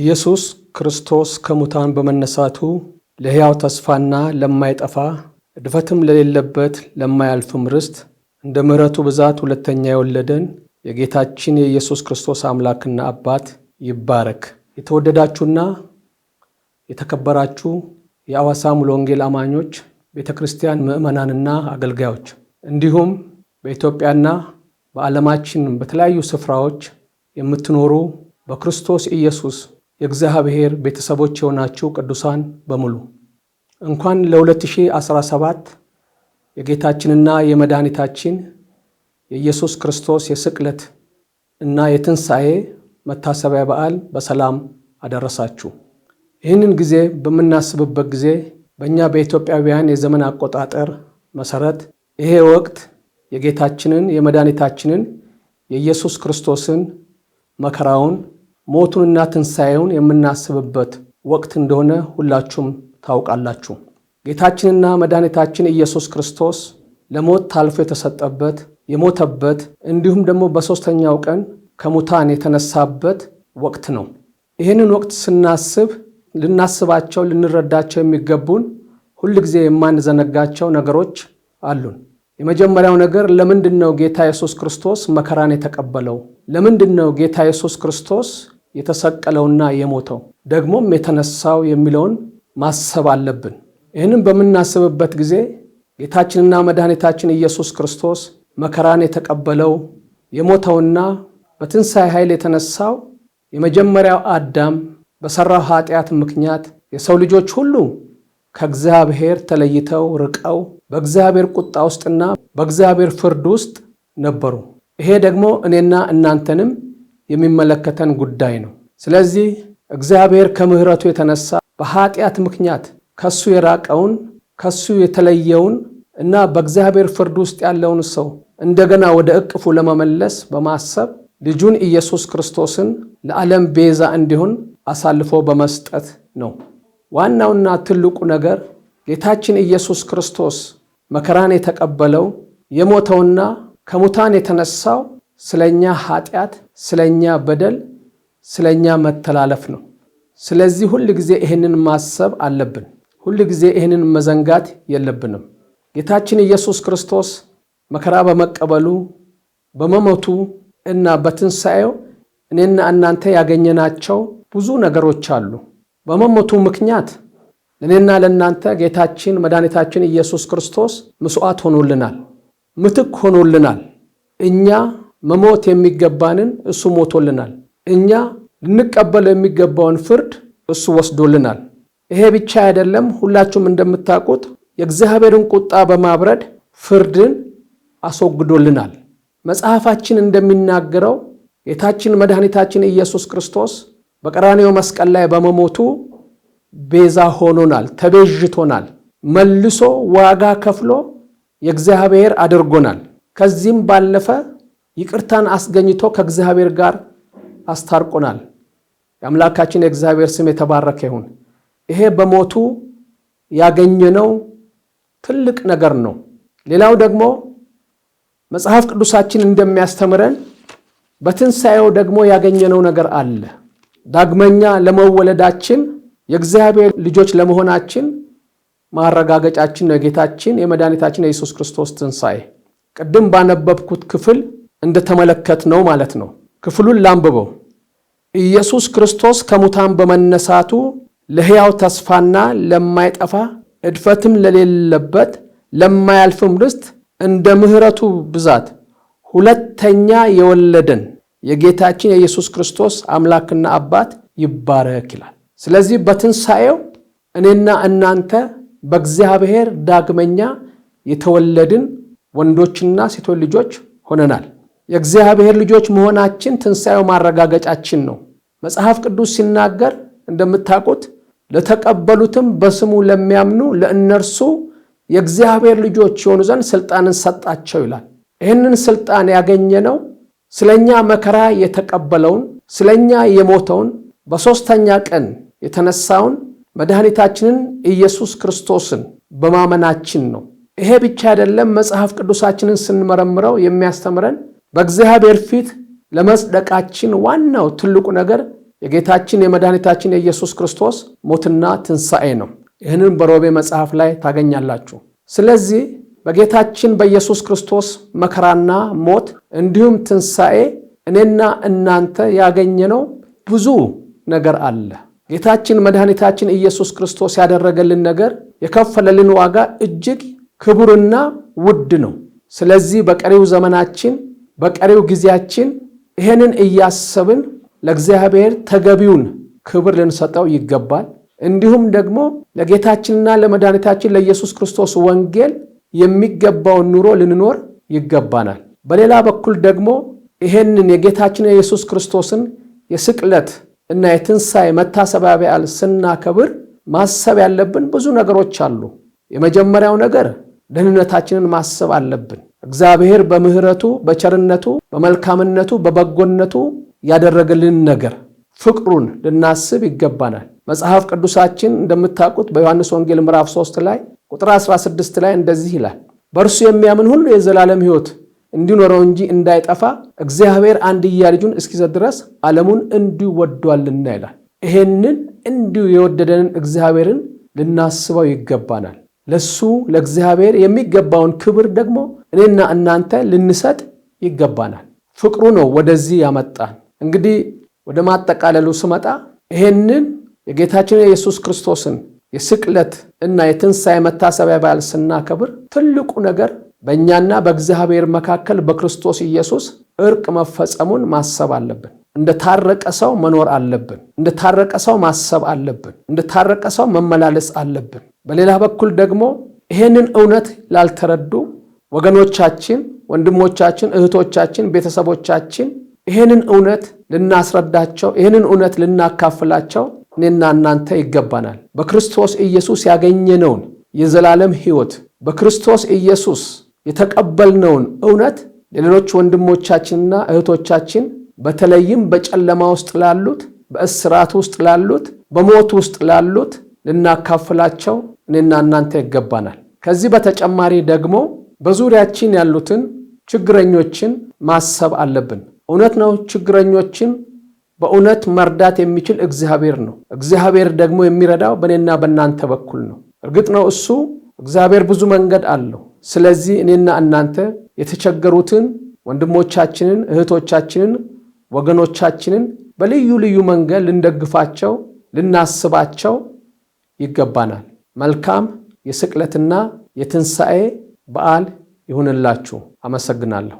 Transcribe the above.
ኢየሱስ ክርስቶስ ከሙታን በመነሳቱ ለሕያው ተስፋና ለማይጠፋ እድፈትም ለሌለበት ለማያልፍም ርስት እንደ ምሕረቱ ብዛት ሁለተኛ የወለደን የጌታችን የኢየሱስ ክርስቶስ አምላክና አባት ይባረክ። የተወደዳችሁና የተከበራችሁ የአዋሳ ሙሉ ወንጌል አማኞች ቤተ ክርስቲያን ምዕመናንና አገልጋዮች እንዲሁም በኢትዮጵያና በዓለማችን በተለያዩ ስፍራዎች የምትኖሩ በክርስቶስ ኢየሱስ የእግዚአብሔር ቤተሰቦች የሆናችሁ ቅዱሳን በሙሉ እንኳን ለ2017 የጌታችንና የመድኃኒታችን የኢየሱስ ክርስቶስ የስቅለት እና የትንሣኤ መታሰቢያ በዓል በሰላም አደረሳችሁ። ይህንን ጊዜ በምናስብበት ጊዜ በእኛ በኢትዮጵያውያን የዘመን አቆጣጠር መሠረት ይሄ ወቅት የጌታችንን የመድኃኒታችንን የኢየሱስ ክርስቶስን መከራውን ሞቱንና ትንሣኤውን የምናስብበት ወቅት እንደሆነ ሁላችሁም ታውቃላችሁ። ጌታችንና መድኃኒታችን ኢየሱስ ክርስቶስ ለሞት ታልፎ የተሰጠበት የሞተበት እንዲሁም ደግሞ በሦስተኛው ቀን ከሙታን የተነሳበት ወቅት ነው። ይህንን ወቅት ስናስብ ልናስባቸው ልንረዳቸው የሚገቡን ሁልጊዜ የማንዘነጋቸው ነገሮች አሉን። የመጀመሪያው ነገር ለምንድን ነው ጌታ ኢየሱስ ክርስቶስ መከራን የተቀበለው? ለምንድን ነው ጌታ ኢየሱስ ክርስቶስ የተሰቀለውና የሞተው ደግሞም የተነሳው የሚለውን ማሰብ አለብን። ይህንም በምናስብበት ጊዜ ጌታችንና መድኃኒታችን ኢየሱስ ክርስቶስ መከራን የተቀበለው የሞተውና በትንሣኤ ኃይል የተነሳው የመጀመሪያው አዳም በሠራው ኃጢአት ምክንያት የሰው ልጆች ሁሉ ከእግዚአብሔር ተለይተው ርቀው በእግዚአብሔር ቁጣ ውስጥና በእግዚአብሔር ፍርድ ውስጥ ነበሩ። ይሄ ደግሞ እኔና እናንተንም የሚመለከተን ጉዳይ ነው። ስለዚህ እግዚአብሔር ከምሕረቱ የተነሳ በኃጢአት ምክንያት ከሱ የራቀውን ከሱ የተለየውን እና በእግዚአብሔር ፍርድ ውስጥ ያለውን ሰው እንደገና ወደ እቅፉ ለመመለስ በማሰብ ልጁን ኢየሱስ ክርስቶስን ለዓለም ቤዛ እንዲሆን አሳልፎ በመስጠት ነው። ዋናውና ትልቁ ነገር ጌታችን ኢየሱስ ክርስቶስ መከራን የተቀበለው የሞተውና ከሙታን የተነሳው ስለኛ ኃጢአት፣ ስለኛ በደል፣ ስለኛ መተላለፍ ነው። ስለዚህ ሁል ጊዜ ይህንን ማሰብ አለብን። ሁል ጊዜ ይህንን መዘንጋት የለብንም። ጌታችን ኢየሱስ ክርስቶስ መከራ በመቀበሉ በመሞቱ እና በትንሣኤው እኔና እናንተ ያገኘናቸው ብዙ ነገሮች አሉ። በመሞቱ ምክንያት ለእኔና ለእናንተ ጌታችን መድኃኒታችን ኢየሱስ ክርስቶስ ምስዋዕት ሆኖልናል። ምትክ ሆኖልናል። እኛ መሞት የሚገባንን እሱ ሞቶልናል። እኛ ልንቀበለው የሚገባውን ፍርድ እሱ ወስዶልናል። ይሄ ብቻ አይደለም። ሁላችሁም እንደምታውቁት የእግዚአብሔርን ቁጣ በማብረድ ፍርድን አስወግዶልናል። መጽሐፋችን እንደሚናገረው ጌታችን መድኃኒታችን ኢየሱስ ክርስቶስ በቀራኔው መስቀል ላይ በመሞቱ ቤዛ ሆኖናል፣ ተቤዥቶናል፣ መልሶ ዋጋ ከፍሎ የእግዚአብሔር አድርጎናል። ከዚህም ባለፈ ይቅርታን አስገኝቶ ከእግዚአብሔር ጋር አስታርቆናል። የአምላካችን የእግዚአብሔር ስም የተባረከ ይሁን። ይሄ በሞቱ ያገኘነው ትልቅ ነገር ነው። ሌላው ደግሞ መጽሐፍ ቅዱሳችን እንደሚያስተምረን በትንሣኤው ደግሞ ያገኘነው ነገር አለ። ዳግመኛ ለመወለዳችን የእግዚአብሔር ልጆች ለመሆናችን ማረጋገጫችን ነው የጌታችን የመድኃኒታችን የኢየሱስ ክርስቶስ ትንሣኤ። ቅድም ባነበብኩት ክፍል እንደተመለከት ነው ማለት ነው። ክፍሉን ላንብበው። ኢየሱስ ክርስቶስ ከሙታን በመነሳቱ ለሕያው ተስፋና ለማይጠፋ እድፈትም ለሌለበት ለማያልፍም ርስት እንደ ምሕረቱ ብዛት ሁለተኛ የወለደን የጌታችን የኢየሱስ ክርስቶስ አምላክና አባት ይባረክ ይላል። ስለዚህ በትንሣኤው እኔና እናንተ በእግዚአብሔር ዳግመኛ የተወለድን ወንዶችና ሴቶች ልጆች ሆነናል። የእግዚአብሔር ልጆች መሆናችን ትንሣኤው ማረጋገጫችን ነው። መጽሐፍ ቅዱስ ሲናገር እንደምታውቁት ለተቀበሉትም በስሙ ለሚያምኑ ለእነርሱ የእግዚአብሔር ልጆች የሆኑ ዘንድ ሥልጣንን ሰጣቸው ይላል። ይህንን ሥልጣን ያገኘነው ስለኛ መከራ የተቀበለውን ስለኛ የሞተውን በሦስተኛ ቀን የተነሳውን መድኃኒታችንን ኢየሱስ ክርስቶስን በማመናችን ነው። ይሄ ብቻ አይደለም። መጽሐፍ ቅዱሳችንን ስንመረምረው የሚያስተምረን በእግዚአብሔር ፊት ለመጽደቃችን ዋናው ትልቁ ነገር የጌታችን የመድኃኒታችን የኢየሱስ ክርስቶስ ሞትና ትንሣኤ ነው። ይህንን በሮሜ መጽሐፍ ላይ ታገኛላችሁ። ስለዚህ በጌታችን በኢየሱስ ክርስቶስ መከራና ሞት እንዲሁም ትንሣኤ እኔና እናንተ ያገኘነው ብዙ ነገር አለ። ጌታችን መድኃኒታችን ኢየሱስ ክርስቶስ ያደረገልን ነገር የከፈለልን ዋጋ እጅግ ክቡርና ውድ ነው። ስለዚህ በቀሪው ዘመናችን በቀሪው ጊዜያችን ይህንን እያሰብን ለእግዚአብሔር ተገቢውን ክብር ልንሰጠው ይገባል። እንዲሁም ደግሞ ለጌታችንና ለመድኃኒታችን ለኢየሱስ ክርስቶስ ወንጌል የሚገባውን ኑሮ ልንኖር ይገባናል። በሌላ በኩል ደግሞ ይህንን የጌታችን የኢየሱስ ክርስቶስን የስቅለት እና የትንሣኤ መታሰቢያ በዓል ስናከብር ማሰብ ያለብን ብዙ ነገሮች አሉ። የመጀመሪያው ነገር ደህንነታችንን ማሰብ አለብን። እግዚአብሔር በምሕረቱ በቸርነቱ፣ በመልካምነቱ፣ በበጎነቱ ያደረገልን ነገር ፍቅሩን ልናስብ ይገባናል። መጽሐፍ ቅዱሳችን እንደምታውቁት በዮሐንስ ወንጌል ምዕራፍ 3 ላይ ቁጥር 16 ላይ እንደዚህ ይላል፣ በእርሱ የሚያምን ሁሉ የዘላለም ሕይወት እንዲኖረው እንጂ እንዳይጠፋ እግዚአብሔር አንድያ ልጁን እስኪሰጥ ድረስ ዓለሙን እንዲሁ ወዷልና ይላል። ይሄንን እንዲሁ የወደደንን እግዚአብሔርን ልናስበው ይገባናል። ለሱ ለእግዚአብሔር የሚገባውን ክብር ደግሞ እኔና እናንተ ልንሰጥ ይገባናል። ፍቅሩ ነው ወደዚህ ያመጣን። እንግዲህ ወደ ማጠቃለሉ ስመጣ ይሄንን የጌታችን የኢየሱስ ክርስቶስን የስቅለት እና የትንሣኤ መታሰቢያ በዓል ስናከብር ትልቁ ነገር በእኛና በእግዚአብሔር መካከል በክርስቶስ ኢየሱስ እርቅ መፈጸሙን ማሰብ አለብን። እንደ ታረቀ ሰው መኖር አለብን። እንደ ታረቀ ሰው ማሰብ አለብን። እንደ ታረቀ ሰው መመላለስ አለብን። በሌላ በኩል ደግሞ ይህንን እውነት ላልተረዱ ወገኖቻችን፣ ወንድሞቻችን፣ እህቶቻችን፣ ቤተሰቦቻችን ይህንን እውነት ልናስረዳቸው፣ ይህንን እውነት ልናካፍላቸው እኔና እናንተ ይገባናል። በክርስቶስ ኢየሱስ ያገኘነውን የዘላለም ሕይወት በክርስቶስ ኢየሱስ የተቀበልነውን እውነት ለሌሎች ወንድሞቻችንና እህቶቻችን በተለይም በጨለማ ውስጥ ላሉት፣ በእስራት ውስጥ ላሉት፣ በሞት ውስጥ ላሉት ልናካፍላቸው እኔና እናንተ ይገባናል። ከዚህ በተጨማሪ ደግሞ በዙሪያችን ያሉትን ችግረኞችን ማሰብ አለብን። እውነት ነው፣ ችግረኞችን በእውነት መርዳት የሚችል እግዚአብሔር ነው። እግዚአብሔር ደግሞ የሚረዳው በእኔና በእናንተ በኩል ነው። እርግጥ ነው እሱ እግዚአብሔር ብዙ መንገድ አለው። ስለዚህ እኔና እናንተ የተቸገሩትን ወንድሞቻችንን፣ እህቶቻችንን፣ ወገኖቻችንን በልዩ ልዩ መንገድ ልንደግፋቸው፣ ልናስባቸው ይገባናል። መልካም የስቅለትና የትንሣኤ በዓል ይሁንላችሁ። አመሰግናለሁ።